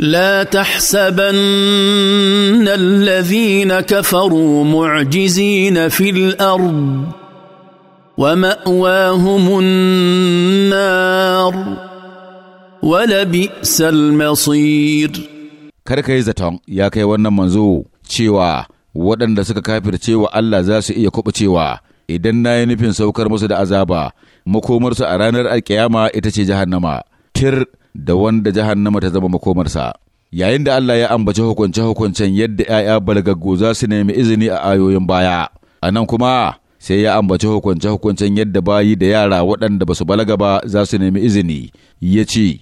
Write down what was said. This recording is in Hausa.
لا تحسبن الذين كفروا معجزين في الارض وماواهم النار ولبئس المصير karka yi zaton ya kai wannan manzo cewa waɗanda suka kafirce wa Allah za su iya kuɓucewa idan na yi nufin saukar musu da azaba makomarsu a ranar alkiyama ita ce jahannama tir da wanda jahannama ta zama makomarsa yayin da Allah ya ambaci hukunce-hukuncen yadda ‘ya'ya balagaggo za su nemi izini a ayoyin baya, a nan kuma sai ya ambaci hukunce-hukuncen yadda bayi da yara waɗanda ba su balaga ba za su nemi izini, ya ce,